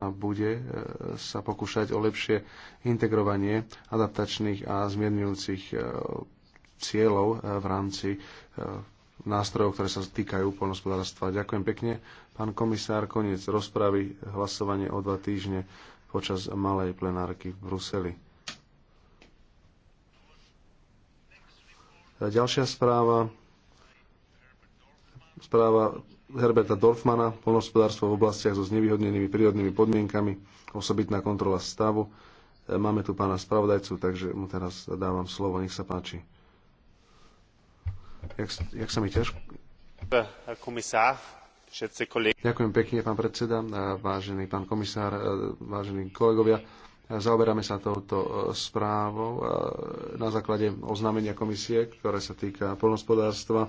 bude e, sa pokúšať o lepšie integrovanie adaptačných a zmierňujúcich e, cieľov e, v rámci nástrojov, ktoré sa týkajú poľnohospodárstva. Ďakujem pekne. Pán komisár, koniec rozpravy, hlasovanie o dva týždne počas malej plenárky v Bruseli. Ďalšia správa Správa Herberta Dorfmana, poľnohospodárstvo v oblastiach so znevýhodnenými prírodnými podmienkami, osobitná kontrola stavu. E, máme tu pána spravodajcu, takže mu teraz dávam slovo, nech sa páči. Jak, jak sa mi ťažko... Ďakujem pekne, pán predseda, vážený pán komisár, e, vážení kolegovia. E, zaoberáme sa touto správou na základe oznámenia komisie, ktoré sa týka polnospodárstva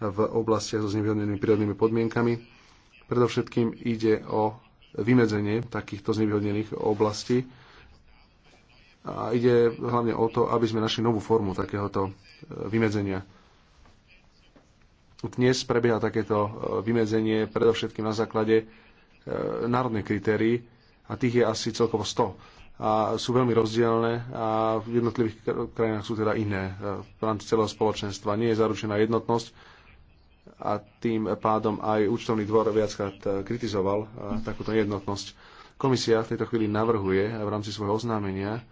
v oblastiach so znevýhodnenými prírodnými podmienkami. Predovšetkým ide o vymedzenie takýchto znevýhodnených oblastí a ide hlavne o to, aby sme našli novú formu takéhoto e, vymedzenia. Dnes prebieha takéto e, vymedzenie predovšetkým na základe e, národných kritérií a tých je asi celkovo 100 a sú veľmi rozdielne a v jednotlivých krajinách sú teda iné v rámci celého spoločenstva. Nie je zaručená jednotnosť a tým pádom aj účtovný dvor viackrát eh, kritizoval eh, takúto jednotnosť. Komisia v tejto chvíli navrhuje v rámci svojho oznámenia,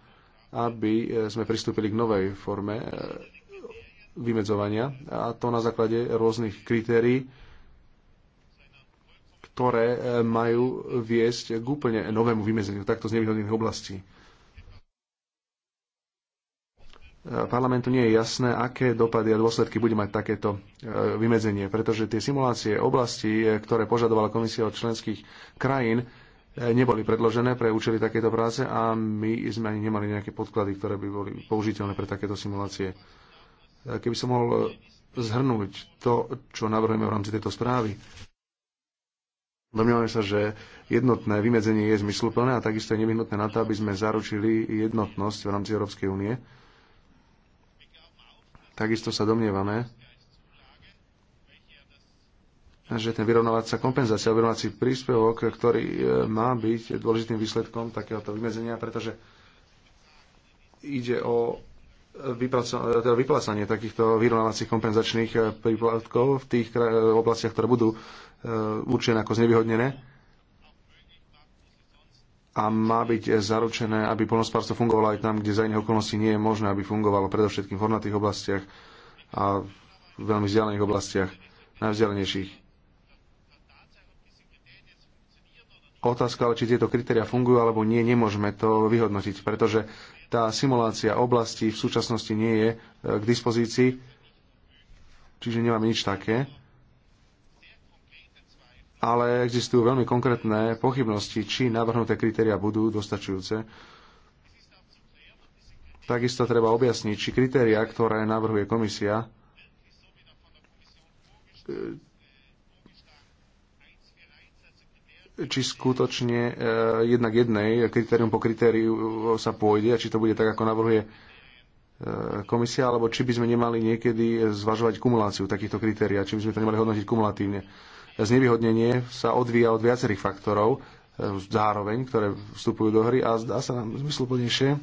aby eh, sme pristúpili k novej forme vymedzovania a to na základe rôznych kritérií, ktoré majú viesť k úplne novému vymedzeniu takto z nevýhodných oblastí parlamentu nie je jasné, aké dopady a dôsledky bude mať takéto e, vymedzenie, pretože tie simulácie oblasti, e, ktoré požadovala komisia od členských krajín, e, neboli predložené pre účely takéto práce a my sme ani nemali nejaké podklady, ktoré by boli použiteľné pre takéto simulácie. Keby som mohol zhrnúť to, čo navrhujeme v rámci tejto správy, Domnievame sa, že jednotné vymedzenie je zmysluplné a takisto je nevyhnutné na to, aby sme zaručili jednotnosť v rámci Európskej únie Takisto sa domnievame, že ten vyrovnávacia kompenzácia, vyrovnávací príspevok, ktorý e, má byť dôležitým výsledkom takéhoto vymedzenia, pretože ide o teda vyplácanie takýchto vyrovnávacích kompenzačných e, príplatkov v tých oblastiach, ktoré budú e, určené ako znevýhodnené a má byť zaručené, aby polnospárstvo fungovalo aj tam, kde za iných okolností nie je možné, aby fungovalo predovšetkým v hornatých oblastiach a v veľmi vzdialených oblastiach, najvzdialenejších. Otázka, ale či tieto kritéria fungujú alebo nie, nemôžeme to vyhodnotiť, pretože tá simulácia oblasti v súčasnosti nie je e, k dispozícii, čiže nemáme nič také ale existujú veľmi konkrétne pochybnosti, či navrhnuté kritéria budú dostačujúce. Takisto treba objasniť, či kritéria, ktoré navrhuje komisia, e, či skutočne e, jednak jednej, kritérium po kritériu sa pôjde a či to bude tak, ako navrhuje e, komisia, alebo či by sme nemali niekedy zvažovať kumuláciu takýchto kritérií, či by sme to nemali hodnotiť kumulatívne znevýhodnenie sa odvíja od viacerých faktorov e, zároveň, ktoré vstupujú do hry a zdá sa nám zmysluplnejšie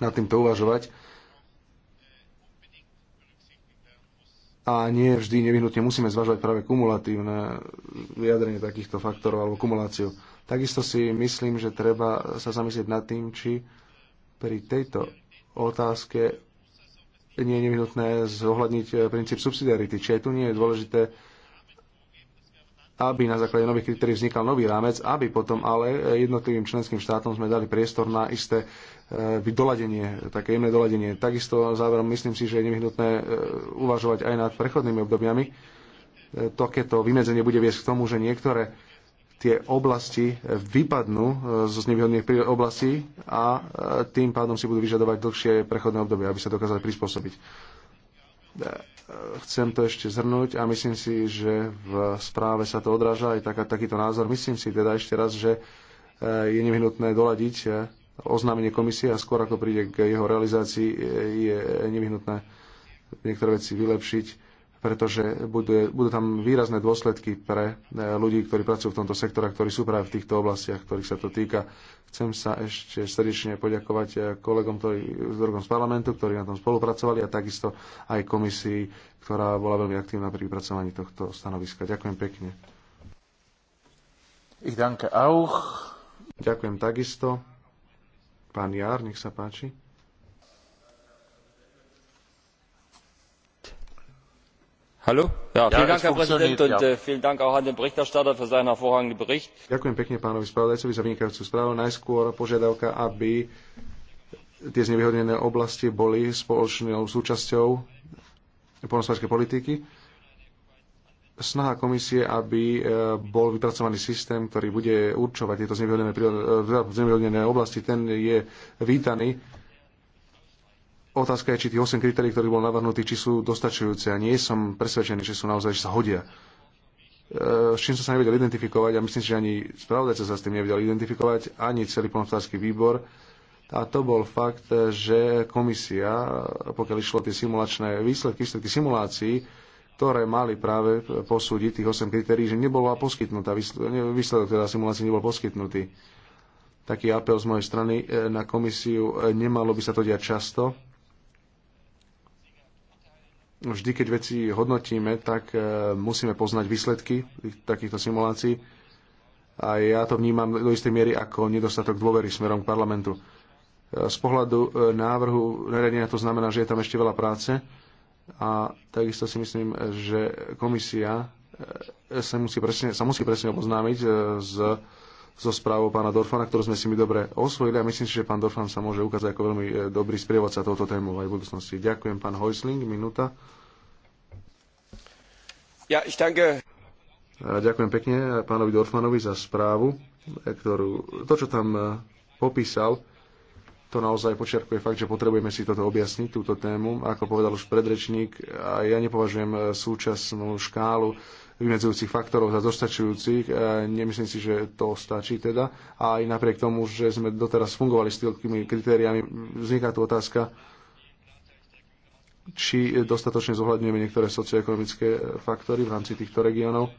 nad týmto uvažovať a nie vždy nevyhnutne musíme zvažovať práve kumulatívne vyjadrenie takýchto faktorov alebo kumuláciu. Takisto si myslím, že treba sa zamyslieť nad tým, či pri tejto otázke nie je nevyhnutné zohľadniť princíp subsidiarity. Či aj tu nie je dôležité aby na základe nových kritérií vznikal nový rámec, aby potom ale jednotlivým členským štátom sme dali priestor na isté eh, doladenie, také jemné doladenie. Takisto záverom myslím si, že je nevyhnutné eh, uvažovať aj nad prechodnými obdobiami. Eh, takéto vymedzenie bude viesť k tomu, že niektoré tie oblasti vypadnú zo znevýhodných oblastí a tým pádom si budú vyžadovať dlhšie prechodné obdobie, aby sa dokázali prispôsobiť. E, chcem to ešte zhrnúť a myslím si, že v správe sa to odráža aj tak, takýto názor. Myslím si teda ešte raz, že e, je nevyhnutné doladiť e, oznámenie komisie a skôr ako príde k jeho realizácii, je nevyhnutné niektoré veci vylepšiť pretože budú, budú tam výrazné dôsledky pre e, ľudí, ktorí pracujú v tomto sektore, ktorí sú práve v týchto oblastiach, ktorých sa to týka. Chcem sa ešte srdečne poďakovať e, kolegom, ktorí, z parlamentu, ktorí na tom spolupracovali a takisto aj komisii, ktorá bola veľmi aktívna pri vypracovaní tohto stanoviska. Ďakujem pekne. Ich danke auch. Ďakujem takisto. Pán Jár, nech sa páči. Äh, ďakujem pekne pánovi spravodajcovi za vynikajúcu správu. najskôr požiadavka aby tie znevýhodnené oblasti boli spoločnou súčasťou poľnohospodárskej politiky. Snaha komisie, aby e, bol vypracovaný systém, ktorý bude určovať tieto znevýhodnené, e, oblasti, ten je vítaný Otázka je, či tých 8 kritérií, ktorých bol navrhnutých, či sú dostačujúce. A nie som presvedčený, že sú naozaj, že sa hodia. E, s čím som sa nevedel identifikovať, a myslím si, že ani spravodajca sa s tým nevedel identifikovať, ani celý plnohospodársky výbor. A to bol fakt, že komisia, pokiaľ išlo tie simulačné výsledky, výsledky simulácií, ktoré mali práve posúdiť tých 8 kritérií, že nebola poskytnutá, výsledok teda simulácií nebol poskytnutý. Taký apel z mojej strany e, na komisiu, e, nemalo by sa to diať často, vždy, keď veci hodnotíme, tak e, musíme poznať výsledky takýchto simulácií. A ja to vnímam do istej miery ako nedostatok dôvery smerom k parlamentu. E, z pohľadu e, návrhu nariadenia to znamená, že je tam ešte veľa práce a takisto si myslím, že komisia sa musí presne, sa musí presne oboznámiť s so správou pána Dorfana, ktorú sme si my dobre osvojili a myslím si, že pán Dorfan sa môže ukázať ako veľmi e, dobrý sprievodca tohoto tému aj v budúcnosti. Ďakujem, pán Hojsling, minúta. Ja, ich danke. Ďakujem pekne pánovi Dorfanovi za správu, e, ktorú, to, čo tam e, popísal, to naozaj počiarkuje fakt, že potrebujeme si toto objasniť, túto tému. Ako povedal už predrečník, a ja nepovažujem e, súčasnú škálu vymedzujúcich faktorov za dostačujúcich. E, nemyslím si, že to stačí teda. A aj napriek tomu, že sme doteraz fungovali s tými kritériami, vzniká tu otázka, či dostatočne zohľadňujeme niektoré socioekonomické faktory v rámci týchto regiónov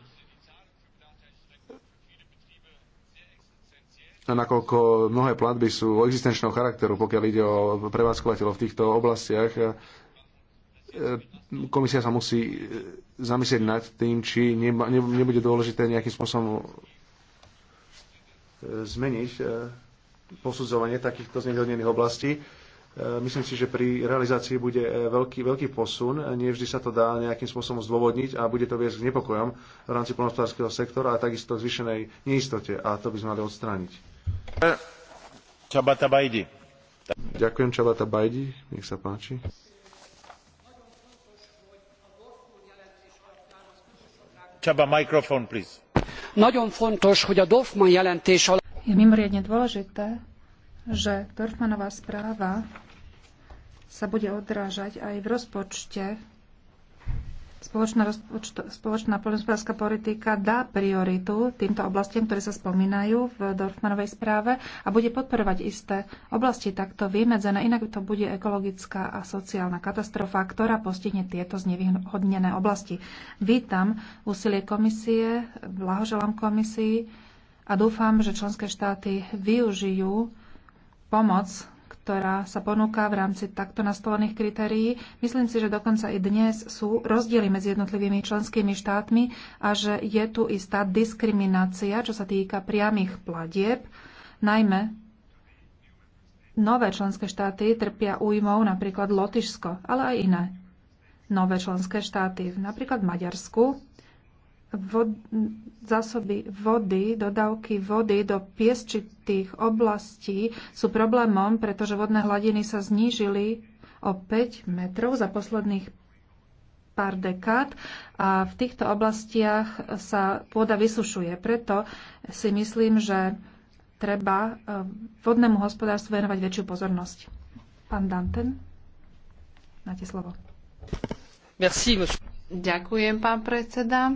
nakoľko mnohé platby sú existenčného charakteru, pokiaľ ide o prevádzkovateľov v týchto oblastiach. E, komisia sa musí e, zamyslieť nad tým, či nebude dôležité nejakým spôsobom e, zmeniť posudzovanie takýchto znehodnených oblastí. Myslím si, že pri realizácii bude veľký, veľký posun. Nie vždy sa to dá nejakým spôsobom zdôvodniť a bude to viesť k nepokojom v rámci polnospodárskeho sektora a takisto k zvyšenej neistote a to by sme mali odstrániť. Ďakujem Čabata Bajdi, nech sa páči. Nagyon fontos, hogy a Dorfman jelentés alá... Je mimoriadne dôležité, že Dorfmanová správa sa bude odrážať aj v rozpočte Spoločná, rozpočto, spoločná poľnospodárska politika dá prioritu týmto oblastiam, ktoré sa spomínajú v Dorfmanovej správe a bude podporovať isté oblasti takto vymedzené, inak to bude ekologická a sociálna katastrofa, ktorá postihne tieto znevýhodnené oblasti. Vítam úsilie komisie, blahoželám komisii a dúfam, že členské štáty využijú pomoc ktorá sa ponúka v rámci takto nastolených kritérií. Myslím si, že dokonca i dnes sú rozdiely medzi jednotlivými členskými štátmi a že je tu istá diskriminácia, čo sa týka priamých platieb, najmä Nové členské štáty trpia újmou napríklad Lotyšsko, ale aj iné. Nové členské štáty, napríklad Maďarsku, vod, zásoby vody, dodávky vody do piesčitých oblastí sú problémom, pretože vodné hladiny sa znížili o 5 metrov za posledných pár dekád a v týchto oblastiach sa pôda vysušuje. Preto si myslím, že treba e, vodnému hospodárstvu venovať väčšiu pozornosť. Pán Danten, máte slovo. Merci, Ďakujem, pán predseda.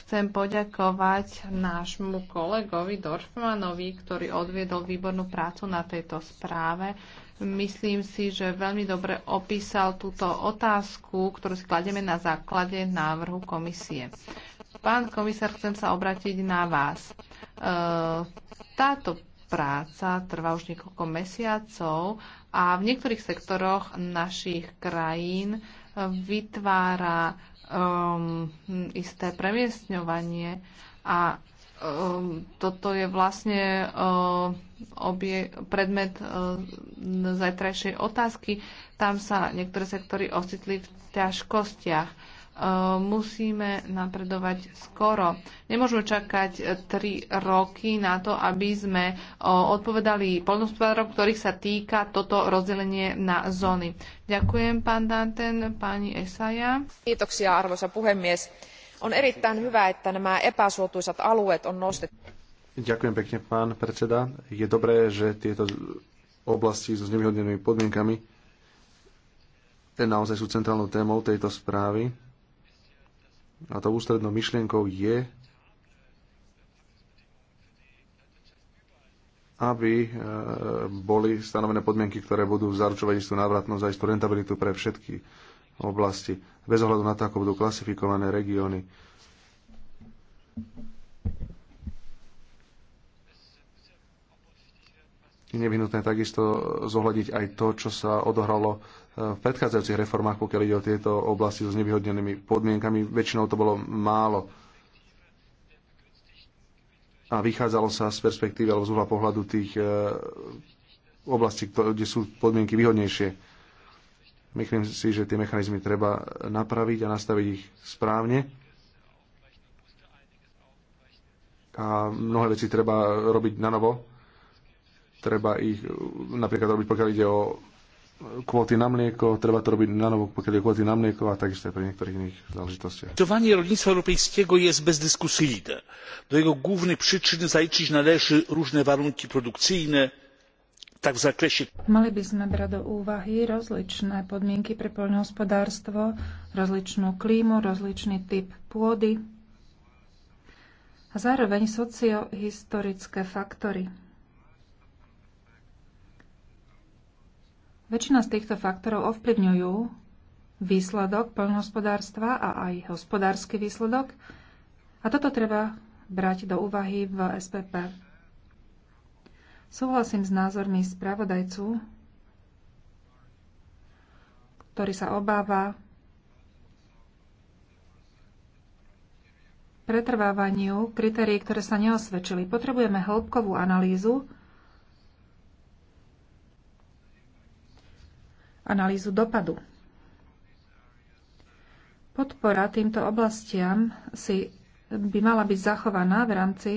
Chcem poďakovať nášmu kolegovi Dorfmanovi, ktorý odviedol výbornú prácu na tejto správe. Myslím si, že veľmi dobre opísal túto otázku, ktorú si kladieme na základe návrhu komisie. Pán komisár, chcem sa obrátiť na vás. E, táto práca trvá už niekoľko mesiacov a v niektorých sektoroch našich krajín vytvára um, isté premiestňovanie a um, toto je vlastne um, uh, obie, predmet um, zajtrajšej otázky. Tam sa niektoré sektory ocitli v ťažkostiach Eh, musíme napredovať skoro. Nemôžeme čakať 3 eh, roky na to, aby sme eh, odpovedali poľnohospodárom, ktorých sa týka toto rozdelenie na zóny. Ďakujem, pán Danten, pani Esaja. Kiitoksia, arvoisa puhemies. On erittäin hyvä, että nämä epäsuotuisat alueet on nostettu. Ďakujem pekne, pán predseda. Je dobré, že tieto oblasti so znevýhodnenými podmienkami naozaj sú centrálnou témou tejto správy a to ústrednou myšlienkou je, aby e, boli stanovené podmienky, ktoré budú zaručovať istú návratnosť a istú rentabilitu pre všetky oblasti, bez ohľadu na to, ako budú klasifikované regióny. je nevyhnutné takisto zohľadiť aj to, čo sa odohralo e, v predchádzajúcich reformách, pokiaľ ide o tieto oblasti so znevýhodnenými podmienkami. Väčšinou to bolo málo. A vychádzalo sa z perspektívy alebo z uhla pohľadu tých e, oblastí, kde sú podmienky výhodnejšie. Myslím si, že tie mechanizmy treba napraviť a nastaviť ich správne. A mnohé veci treba robiť na novo, Treba ich napríklad robiť, pokiaľ ide o kvóty na mlieko, treba to robiť na novo, pokiaľ je kvóty na mlieko a takisto aj pri niektorých iných záležitostiach. Dovanie Zdowanie rolnictwa europejskiego jest bezdyskusyjne. Do jeho głównych przyczyn zajčiť należy różne warunki produkcyjne, tak v zakresie... Mali by sme brať do úvahy rozličné podmienky pre poľnohospodárstvo, rozličnú klímu, rozličný typ pôdy a zároveň sociohistorické faktory. Väčšina z týchto faktorov ovplyvňujú výsledok poľnohospodárstva a aj hospodársky výsledok a toto treba brať do úvahy v SPP. Súhlasím s názormi spravodajcu, ktorý sa obáva pretrvávaniu kritérií, ktoré sa neosvedčili. Potrebujeme hĺbkovú analýzu, analýzu dopadu. Podpora týmto oblastiam si by mala byť zachovaná v rámci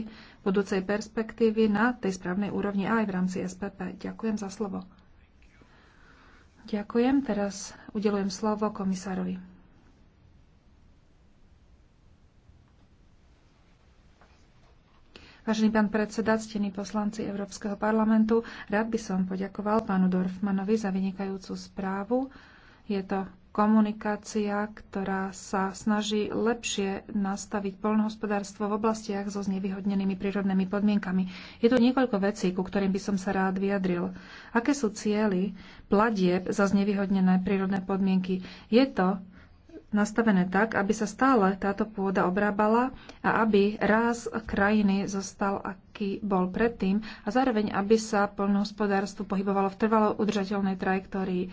budúcej perspektívy na tej správnej úrovni a aj v rámci SPP. Ďakujem za slovo. Ďakujem. Teraz udelujem slovo komisárovi. Vážený pán predseda, ctení poslanci Európskeho parlamentu, rád by som poďakoval pánu Dorfmanovi za vynikajúcu správu. Je to komunikácia, ktorá sa snaží lepšie nastaviť poľnohospodárstvo v oblastiach so znevýhodnenými prírodnými podmienkami. Je tu niekoľko vecí, ku ktorým by som sa rád vyjadril. Aké sú cieľy pladieb za znevýhodnené prírodné podmienky? Je to nastavené tak, aby sa stále táto pôda obrábala a aby ráz krajiny zostal, aký bol predtým a zároveň, aby sa poľnohospodárstvo pohybovalo v trvalo udržateľnej trajektórii.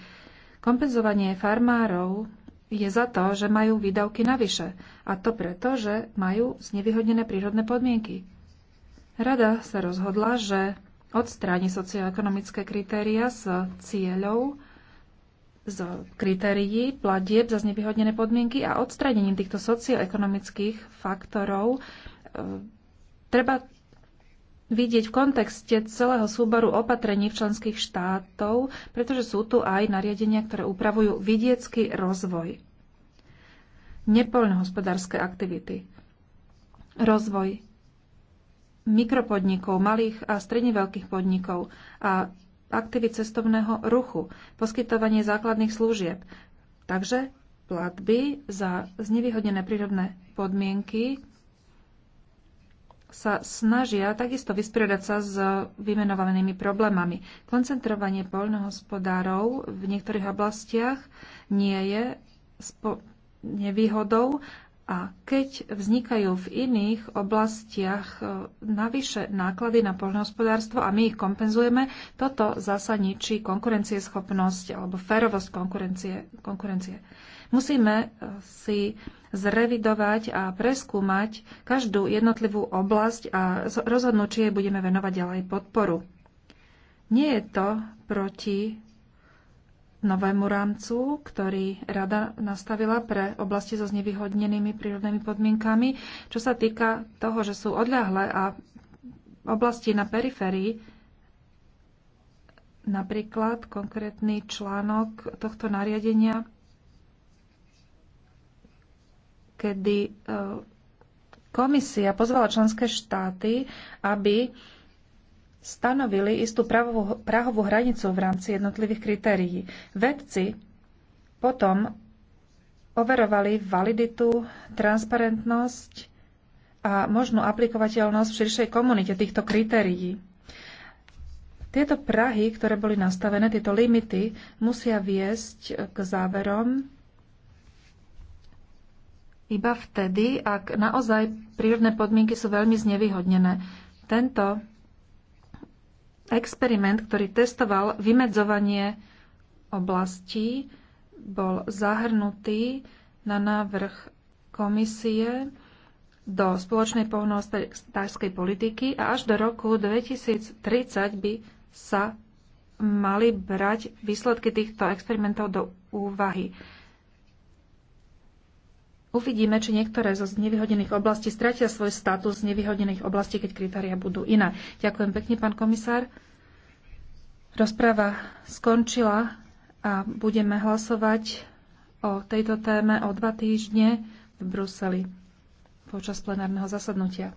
Kompenzovanie farmárov je za to, že majú výdavky navyše a to preto, že majú znevýhodnené prírodné podmienky. Rada sa rozhodla, že odstráni socioekonomické kritéria s cieľou z kritérií platieb za znevýhodnené podmienky a odstranením týchto socioekonomických faktorov e, treba vidieť v kontexte celého súboru opatrení v členských štátov, pretože sú tu aj nariadenia, ktoré upravujú vidiecky rozvoj, nepoľnohospodárske aktivity, rozvoj mikropodnikov, malých a stredne veľkých podnikov a aktivít cestovného ruchu, poskytovanie základných služieb. Takže platby za znevýhodnené prírodné podmienky sa snažia takisto vysporiadať sa s vymenovanými problémami. Koncentrovanie poľnohospodárov v niektorých oblastiach nie je spo- nevýhodou a keď vznikajú v iných oblastiach e, navyše náklady na poľnohospodárstvo a my ich kompenzujeme, toto zasa ničí konkurencieschopnosť alebo férovosť konkurencie. konkurencie. Musíme e, si zrevidovať a preskúmať každú jednotlivú oblasť a rozhodnúť, či jej budeme venovať ďalej podporu. Nie je to proti novému rámcu, ktorý rada nastavila pre oblasti so znevýhodnenými prírodnými podmienkami. Čo sa týka toho, že sú odľahlé a oblasti na periférii, napríklad konkrétny článok tohto nariadenia, kedy e, komisia pozvala členské štáty, aby stanovili istú pravovú, prahovú hranicu v rámci jednotlivých kritérií. Vedci potom overovali validitu, transparentnosť a možnú aplikovateľnosť v širšej komunite týchto kritérií. Tieto prahy, ktoré boli nastavené, tieto limity, musia viesť k záverom iba vtedy, ak naozaj prírodné podmienky sú veľmi znevýhodnené. Tento experiment, ktorý testoval vymedzovanie oblastí, bol zahrnutý na návrh komisie do spoločnej poľnohospodárskej politiky a až do roku 2030 by sa mali brať výsledky týchto experimentov do úvahy. Uvidíme, či niektoré zo nevyhodených oblastí stratia svoj status z nevyhodených oblastí, keď kritéria budú iné. Ďakujem pekne, pán komisár. Rozpráva skončila a budeme hlasovať o tejto téme o dva týždne v Bruseli počas plenárneho zasadnutia.